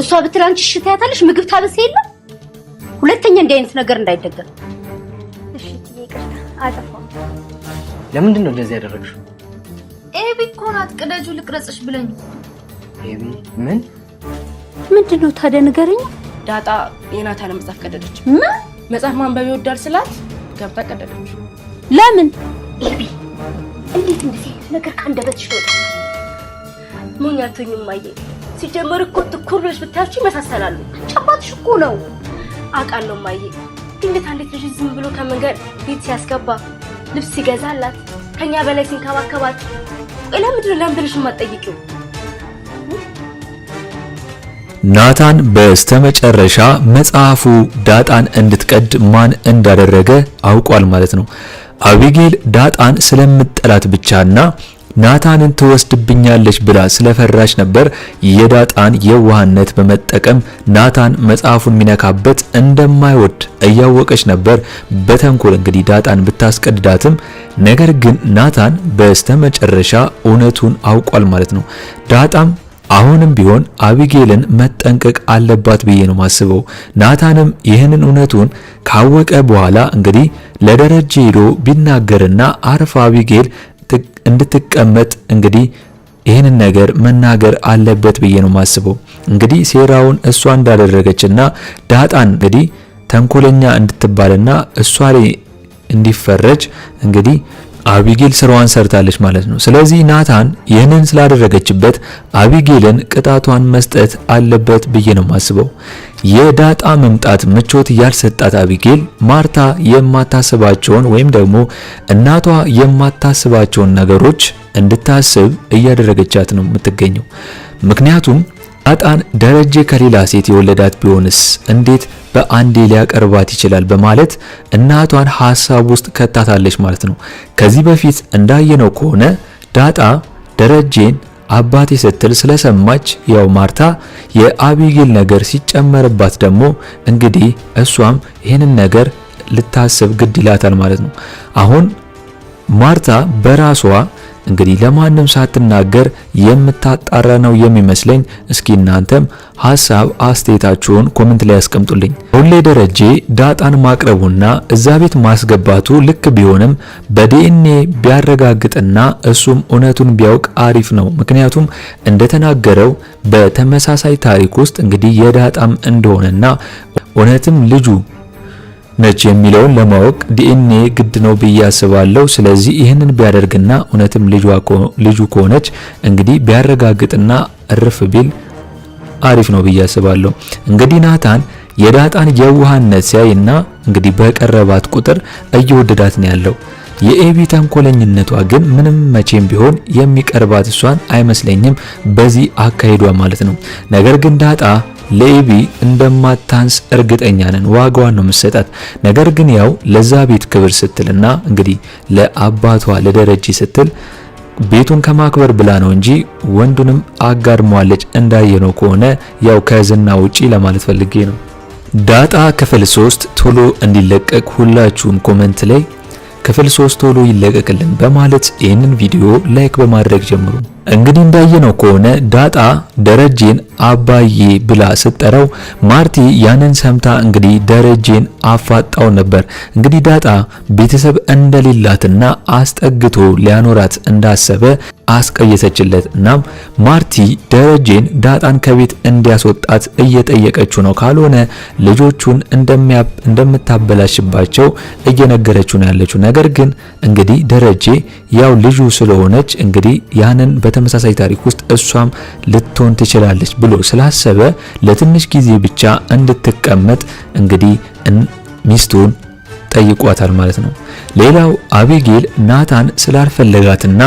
እሷ ብትል አንቺ እሺ ትያታለሽ። ምግብ ታበሰ የለም ሁለተኛ እንዲህ አይነት ነገር እንዳይደገም። እሺ ይቅርታ አጠፋሁ። ለምንድን ነው እንደዚህ ያደረግሽው? ኤቢ እኮ ናት ቅደጁ ልቅረጽሽ ብለኝ። ኤቢ ምን ምንድን ነው ታዲያ ንገረኝ። ዳጣ የናታን መጽሐፍ ቀደደች። ምን መጽሐፍ ማንበብ ይወዳል ስላት ገብታ ቀደደች። ለምን ኤቢ እንዴት እንደዚህ ነገር ከአንደበትሽ ወጣ? ሞኛቶኝም አየኝ ሲጀመር እኮ ትኩር ትኩርሎች ብታያቸው ይመሳሰላሉ። ጨባትሽ እኮ ነው። አውቃለሁ ማዬ። ድንገት አንዴት ልጅ ዝም ብሎ ከመንገድ ቤት ሲያስገባ ልብስ ሲገዛላት ከኛ በላይ ሲንከባከባት ለምድር ለምድርሽ የማትጠይቂው? ናታን በስተመጨረሻ መጽሐፉ ዳጣን እንድትቀድ ማን እንዳደረገ አውቋል ማለት ነው። አቢጌል ዳጣን ስለምጠላት ብቻና ናታንን ትወስድብኛለች ብላ ስለፈራች ነበር የዳጣን የዋህነት በመጠቀም ናታን መጽሐፉን ሚነካበት እንደማይወድ እያወቀች ነበር። በተንኮል እንግዲህ ዳጣን ብታስቀድዳትም ነገር ግን ናታን በስተመጨረሻ እውነቱን አውቋል ማለት ነው። ዳጣም አሁንም ቢሆን አቢጌልን መጠንቀቅ አለባት ብዬ ነው ማስበው። ናታንም ይህንን እውነቱን ካወቀ በኋላ እንግዲህ ለደረጀ ሄዶ ቢናገርና አርፋ አቢጌል እንድትቀመጥ እንግዲህ ይህንን ነገር መናገር አለበት ብዬ ነው ማስበው። እንግዲህ ሴራውን እሷ እንዳደረገችና ዳጣን እንግዲህ ተንኮለኛ እንድትባልና እሷ ላይ እንዲፈረጅ እንግዲህ አቢጌል ስራዋን ሰርታለች ማለት ነው። ስለዚህ ናታን ይህንን ስላደረገችበት አቢጌልን ቅጣቷን መስጠት አለበት ብዬ ነው የማስበው። የዳጣ መምጣት ምቾት ያልሰጣት አቢጌል ማርታ የማታስባቸውን ወይም ደግሞ እናቷ የማታስባቸውን ነገሮች እንድታስብ እያደረገቻት ነው የምትገኘው ምክንያቱም አጣን ደረጀ ከሌላ ሴት የወለዳት ቢሆንስ እንዴት በአንዴ ሊያቀርባት ይችላል በማለት እናቷን ሀሳብ ውስጥ ከታታለች ማለት ነው። ከዚህ በፊት እንዳየነው ከሆነ ዳጣ ደረጀን አባቴ ስትል ስለሰማች ያው ማርታ የአቢጌል ነገር ሲጨመርባት ደግሞ እንግዲህ እሷም ይህንን ነገር ልታስብ ግድ ይላታል ማለት ነው። አሁን ማርታ በራሷ እንግዲህ ለማንም ሳትናገር የምታጣራ ነው የሚመስለኝ። እስኪ እናንተም ሀሳብ አስተያየታችሁን ኮመንት ላይ ያስቀምጡልኝ። ሁሌ ደረጀ ዳጣን ማቅረቡና እዛ ቤት ማስገባቱ ልክ ቢሆንም በዲኤንኤ ቢያረጋግጥና እሱም እውነቱን ቢያውቅ አሪፍ ነው። ምክንያቱም እንደተናገረው በተመሳሳይ ታሪክ ውስጥ እንግዲህ የዳጣም እንደሆነና እውነትም ልጁ ነች የሚለውን ለማወቅ ዲኤንኤ ግድ ነው ብዬ አስባለሁ። ስለዚህ ይህንን ቢያደርግና እውነትም ልጁ ከሆነች እንግዲህ ቢያረጋግጥና እርፍ ቢል አሪፍ ነው ብዬ አስባለሁ። እንግዲህ ናታን የዳጣን የዋህነት ሲያይና እንግዲህ በቀረባት ቁጥር እየወደዳት ነው ያለው። የኤቢ ተንኮለኝነቷ ግን ምንም መቼም ቢሆን የሚቀርባት እሷን አይመስለኝም፣ በዚህ አካሄዷ ማለት ነው። ነገር ግን ዳጣ ለኤቢ እንደማታንስ እርግጠኛ ነን፣ ዋጋዋን ነው የምትሰጣት። ነገር ግን ያው ለዛ ቤት ክብር ስትልና እንግዲህ ለአባቷ ለደረጀ ስትል ቤቱን ከማክበር ብላ ነው እንጂ ወንዱንም አጋድሟለች። እንዳየነው ከሆነ ያው ከዝና ውጪ ለማለት ፈልጌ ነው። ዳጣ ክፍል ሶስት ቶሎ እንዲለቀቅ ሁላችሁም ኮመንት ላይ ክፍል ሶስት ቶሎ ይለቀቅልን በማለት ይህንን ቪዲዮ ላይክ በማድረግ ጀምሩ። እንግዲህ እንዳየነው ከሆነ ዳጣ ደረጀን አባዬ ብላ ስትጠራው ማርቲ ያንን ሰምታ እንግዲህ ደረጄን አፋጣው ነበር። እንግዲህ ዳጣ ቤተሰብ እንደሌላትና አስጠግቶ ሊያኖራት እንዳሰበ አስቀየሰችለት። እናም ማርቲ ደረጀን ዳጣን ከቤት እንዲያስወጣት እየጠየቀችው ነው። ካልሆነ ልጆቹን እንደምታበላሽባቸው እየነገረችው ነው ያለችው። ነገር ግን እንግዲህ ደረጀ ያው ልጁ ስለሆነች እንግዲህ ያንን በተ ተመሳሳይ ታሪክ ውስጥ እሷም ልትሆን ትችላለች ብሎ ስላሰበ ለትንሽ ጊዜ ብቻ እንድትቀመጥ እንግዲህ ሚስቱን ጠይቋታል ማለት ነው። ሌላው አቢጌል ናታን ስላልፈለጋትና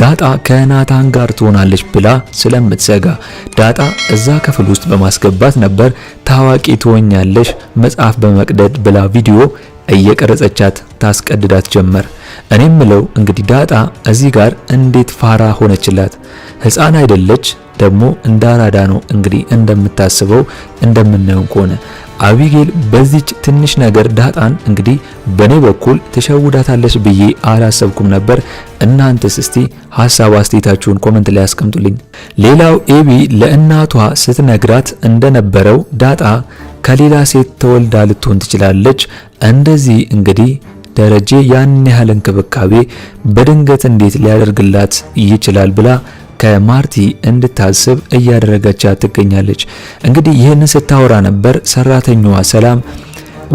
ዳጣ ከናታን ጋር ትሆናለች ብላ ስለምትሰጋ ዳጣ እዛ ክፍል ውስጥ በማስገባት ነበር ታዋቂ ትሆኛለሽ መጽሐፍ በመቅደድ ብላ ቪዲዮ እየቀረጸቻት ታስቀድዳት ጀመር። እኔ ምለው እንግዲህ ዳጣ እዚህ ጋር እንዴት ፋራ ሆነችላት? ህፃን አይደለች ደግሞ እንዳራዳ ነው እንግዲህ እንደምታስበው እንደምናየው ከሆነ አቢጌል በዚች ትንሽ ነገር ዳጣን እንግዲህ በኔ በኩል ትሸውዳታለች ብዬ አላሰብኩም ነበር። እናንተስ እስቲ ሀሳብ አስተያየታችሁን ኮመንት ላይ አስቀምጡልኝ። ሌላው ኤቢ ለእናቷ ስትነግራት እንደነበረው ዳጣ ከሌላ ሴት ተወልዳ ልትሆን ትችላለች። እንደዚህ እንግዲህ ደረጀ ያን ያህል እንክብካቤ በድንገት እንዴት ሊያደርግላት ይችላል ብላ ከማርቲ እንድታስብ እያደረገቻት ትገኛለች። እንግዲህ ይህንን ስታወራ ነበር ሰራተኛዋ ሰላም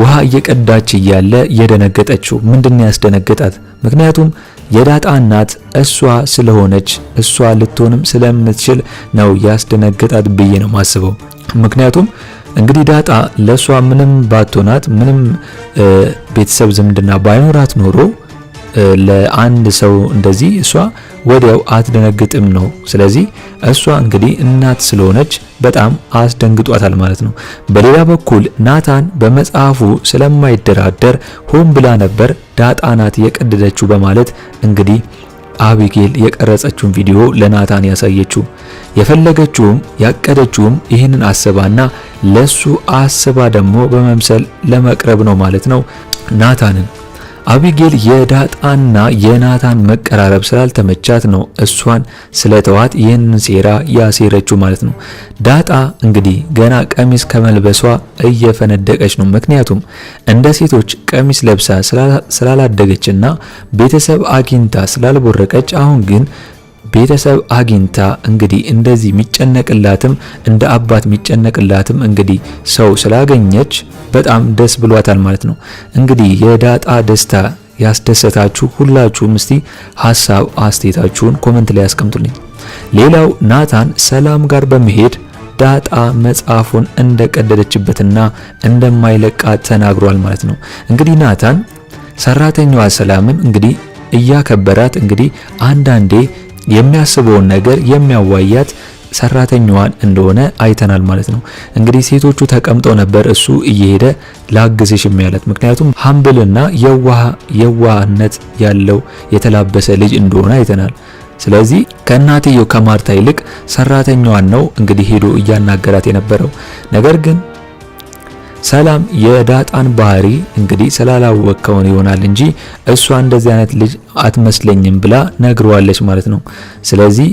ውሃ እየቀዳች እያለ የደነገጠችው ምንድን ያስደነገጣት? ምክንያቱም የዳጣ እናት እሷ ስለሆነች እሷ ልትሆንም ስለምትችል ነው ያስደነገጣት ብዬ ነው ማስበው። ምክንያቱም እንግዲህ ዳጣ ለእሷ ምንም ባትሆናት ምንም ቤተሰብ ዝምድና ባይኖራት ኖሮ ለአንድ ሰው እንደዚህ እሷ ወዲያው አትደነግጥም ነው። ስለዚህ እሷ እንግዲህ እናት ስለሆነች በጣም አስደንግጧታል ማለት ነው። በሌላ በኩል ናታን በመጽሐፉ ስለማይደራደር ሆን ብላ ነበር ዳጣ ናት የቀደደችው በማለት እንግዲህ አቢጌል የቀረጸችውን ቪዲዮ ለናታን ያሳየችው። የፈለገችውም ያቀደችውም ይህንን አስባና ለሱ አስባ ደግሞ በመምሰል ለመቅረብ ነው ማለት ነው ናታንን አቢጌል የዳጣና የናታን መቀራረብ ስላልተመቻት ነው እሷን ስለተዋት ይህንን ሴራ ያሴረችው ማለት ነው። ዳጣ እንግዲህ ገና ቀሚስ ከመልበሷ እየፈነደቀች ነው። ምክንያቱም እንደ ሴቶች ቀሚስ ለብሳ ስላላደገችና ቤተሰብ አግኝታ ስላልቦረቀች አሁን ግን ቤተሰብ አግኝታ እንግዲህ እንደዚህ የሚጨነቅላትም እንደ አባት የሚጨነቅላትም እንግዲህ ሰው ስላገኘች በጣም ደስ ብሏታል ማለት ነው። እንግዲህ የዳጣ ደስታ ያስደሰታችሁ ሁላችሁም እስቲ ሀሳብ አስተያየታችሁን ኮመንት ላይ ያስቀምጡልኝ። ሌላው ናታን ሰላም ጋር በመሄድ ዳጣ መጽሐፉን እንደቀደደችበትና እንደማይለቃት ተናግሯል ማለት ነው። እንግዲህ ናታን ሰራተኛዋ ሰላምን እንግዲህ እያከበራት እንግዲህ አንዳንዴ የሚያስበውን ነገር የሚያዋያት ሰራተኛዋን እንደሆነ አይተናል ማለት ነው። እንግዲህ ሴቶቹ ተቀምጠው ነበር፣ እሱ እየሄደ ላግዝሽ የሚያለት ምክንያቱም ሀምብልና የዋህነት ያለው የተላበሰ ልጅ እንደሆነ አይተናል። ስለዚህ ከእናትየው ከማርታ ይልቅ ሰራተኛዋን ነው እንግዲህ ሄዶ እያናገራት የነበረው ነገር ግን ሰላም የዳጣን ባህሪ እንግዲህ ስላላወቀውን ይሆናል እንጂ እሷ እንደዚህ አይነት ልጅ አትመስለኝም ብላ ነግሯለች ማለት ነው። ስለዚህ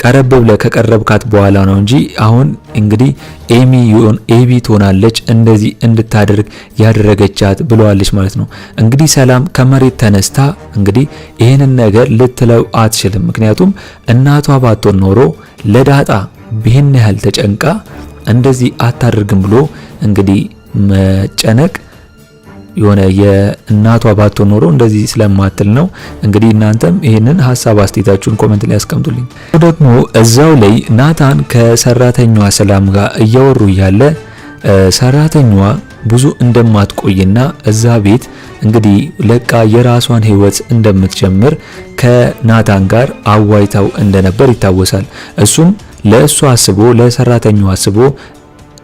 ቀረብ ብለ ከቀረብካት በኋላ ነው እንጂ አሁን እንግዲህ ኤሚ ይሆን ኤቢ ትሆናለች እንደዚህ እንድታደርግ ያደረገቻት ብለዋለች ማለት ነው። እንግዲህ ሰላም ከመሬት ተነስታ እንግዲህ ይህንን ነገር ልትለው አትችልም። ምክንያቱም እናቷ ባትሆን ኖሮ ለዳጣ ይህን ያህል ተጨንቃ እንደዚህ አታደርግም ብሎ እንግዲህ መጨነቅ የሆነ የእናቷ ባትሆን ኖሮ እንደዚህ ስለማትል ነው። እንግዲህ እናንተም ይህንን ሀሳብ አስተያየታችሁን ኮመንት ላይ ያስቀምጡልኝ። ደግሞ እዛው ላይ ናታን ከሰራተኛዋ ሰላም ጋር እያወሩ እያለ ሰራተኛዋ ብዙ እንደማትቆይና እዛ ቤት እንግዲህ ለቃ የራሷን ህይወት እንደምትጀምር ከናታን ጋር አዋይታው እንደነበር ይታወሳል። እሱም ለእሱ አስቦ ለሰራተኛው አስቦ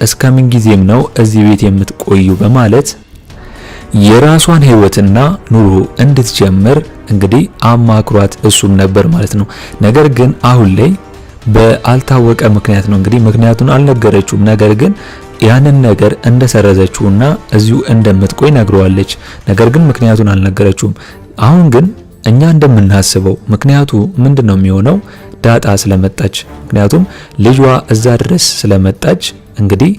እስከምን ጊዜም ነው እዚህ ቤት የምትቆዩ በማለት የራሷን ህይወትና ኑሮ እንድትጀምር እንግዲህ አማክሯት እሱም ነበር ማለት ነው። ነገር ግን አሁን ላይ በአልታወቀ ምክንያት ነው እንግዲህ ምክንያቱን አልነገረችውም። ነገር ግን ያንን ነገር እንደሰረዘችውና እዚሁ እንደምትቆይ ነግረዋለች። ነገር ግን ምክንያቱን አልነገረችውም። አሁን ግን እኛ እንደምናስበው ምክንያቱ ምንድን ነው የሚሆነው ዳጣ ስለመጣች ምክንያቱም ልጇ እዛ ድረስ ስለመጣች እንግዲህ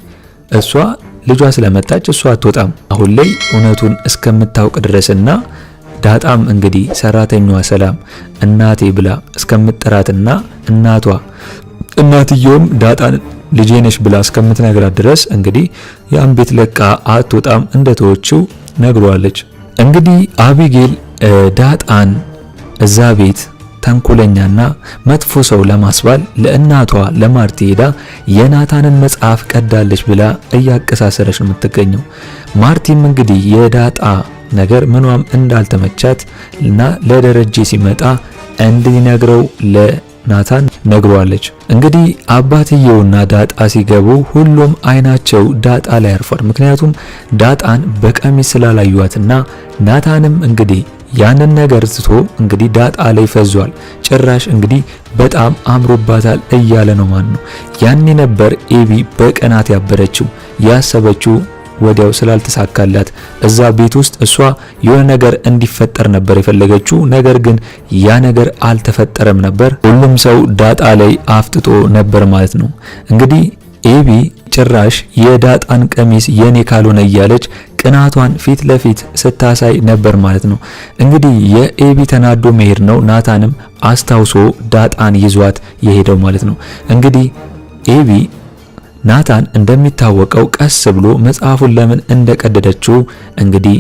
እሷ ልጇ ስለመጣች እሷ አትወጣም። አሁን ላይ እውነቱን እስከምታውቅ ድረስና ዳጣም እንግዲህ ሰራተኛዋ ሰላም እናቴ ብላ እስከምትጠራትና እናቷ እናትየውም ዳጣን ልጄነሽ ብላ እስከምትነግራት ድረስ እንግዲህ ያን ቤት ለቃ አትወጣም እንደተወችው ነግሯለች። እንግዲህ አቢጌል ዳጣን እዛ ቤት ተንኩለኛና መጥፎ ሰው ለማስባል ለእናቷ ለማርቲ ሄዳ የናታንን መጽሐፍ ቀዳለች ብላ እያቀሳሰረች ነው የምትገኘው። ማርቲም እንግዲህ የዳጣ ነገር ምኗም እንዳልተመቻት እና ለደረጀ ሲመጣ እንዲነግረው ለናታን ነግሯለች። እንግዲህ አባትየውና ዳጣ ሲገቡ ሁሉም አይናቸው ዳጣ ላይ አርፏል። ምክንያቱም ዳጣን በቀሚስ ስላላዩዋትና ናታንም እንግዲህ ያንን ነገር ትቶ እንግዲህ ዳጣ ላይ ፈዟል። ጭራሽ እንግዲህ በጣም አምሮባታል እያለ ነው ማን ነው። ያኔ ነበር ኤቢ በቀናት ያበረችው ያሰበችው ወዲያው ስላልተሳካላት እዛ ቤት ውስጥ እሷ የሆነ ነገር እንዲፈጠር ነበር የፈለገችው። ነገር ግን ያ ነገር አልተፈጠረም ነበር። ሁሉም ሰው ዳጣ ላይ አፍጥጦ ነበር ማለት ነው። እንግዲህ ኤቢ ጭራሽ የዳጣን ቀሚስ የኔ ካልሆነ እያለች ቅናቷን ፊት ለፊት ስታሳይ ነበር ማለት ነው። እንግዲህ የኤቢ ተናዶ መሄድ ነው። ናታንም አስታውሶ ዳጣን ይዟት የሄደው ማለት ነው። እንግዲህ ኤቢ ናታን እንደሚታወቀው ቀስ ብሎ መጽሐፉን ለምን እንደቀደደችው እንግዲህ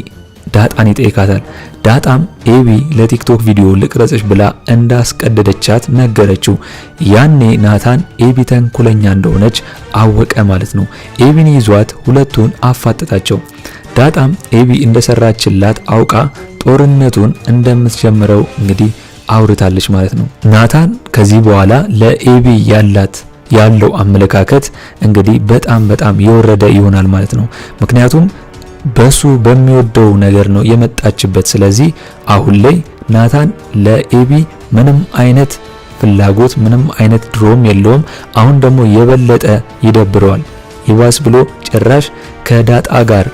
ዳጣን ይጠይቃታል። ዳጣም ኤቢ ለቲክቶክ ቪዲዮ ልቅረጽሽ ብላ እንዳስቀደደቻት ነገረችው። ያኔ ናታን ኤቢ ተንኩለኛ እንደሆነች አወቀ ማለት ነው። ኤቢን ይዟት ሁለቱን አፋጠጣቸው። ዳጣም ኤቢ እንደሰራችላት አውቃ ጦርነቱን እንደምትጀምረው እንግዲህ አውርታለች ማለት ነው። ናታን ከዚህ በኋላ ለኤቢ ያላት ያለው አመለካከት እንግዲህ በጣም በጣም የወረደ ይሆናል ማለት ነው። ምክንያቱም በሱ በሚወደው ነገር ነው የመጣችበት። ስለዚህ አሁን ላይ ናታን ለኤቢ ምንም አይነት ፍላጎት ምንም አይነት ድሮም የለውም። አሁን ደግሞ የበለጠ ይደብረዋል። ይባስ ብሎ ጭራሽ ከዳጣ ጋር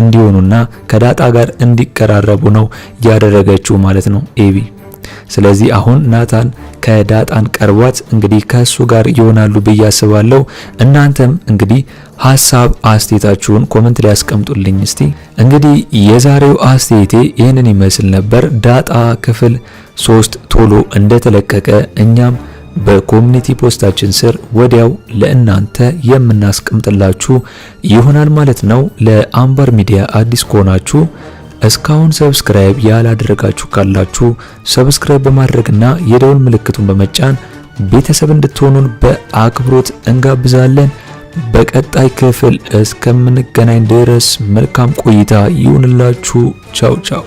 እንዲሆኑና ከዳጣ ጋር እንዲቀራረቡ ነው ያደረገችው ማለት ነው ኤቢ። ስለዚህ አሁን ናታን ከዳጣን ቀርቧት እንግዲህ ከሱ ጋር ይሆናሉ ብዬ አስባለሁ። እናንተም እንግዲህ ሀሳብ አስተያየታችሁን ኮመንት ላይ አስቀምጡልኝ። እስቲ እንግዲህ የዛሬው አስተያየቴ ይህንን ይመስል ነበር። ዳጣ ክፍል ሶስት ቶሎ እንደተለቀቀ እኛም በኮሚኒቲ ፖስታችን ስር ወዲያው ለእናንተ የምናስቀምጥላችሁ ይሆናል ማለት ነው። ለአምባር ሚዲያ አዲስ ከሆናችሁ እስካሁን ሰብስክራይብ ያላደረጋችሁ ካላችሁ ሰብስክራይብ በማድረግና የደውል ምልክቱን በመጫን ቤተሰብ እንድትሆኑን በአክብሮት እንጋብዛለን። በቀጣይ ክፍል እስከምንገናኝ ድረስ መልካም ቆይታ ይሁንላችሁ። ቻው ቻው።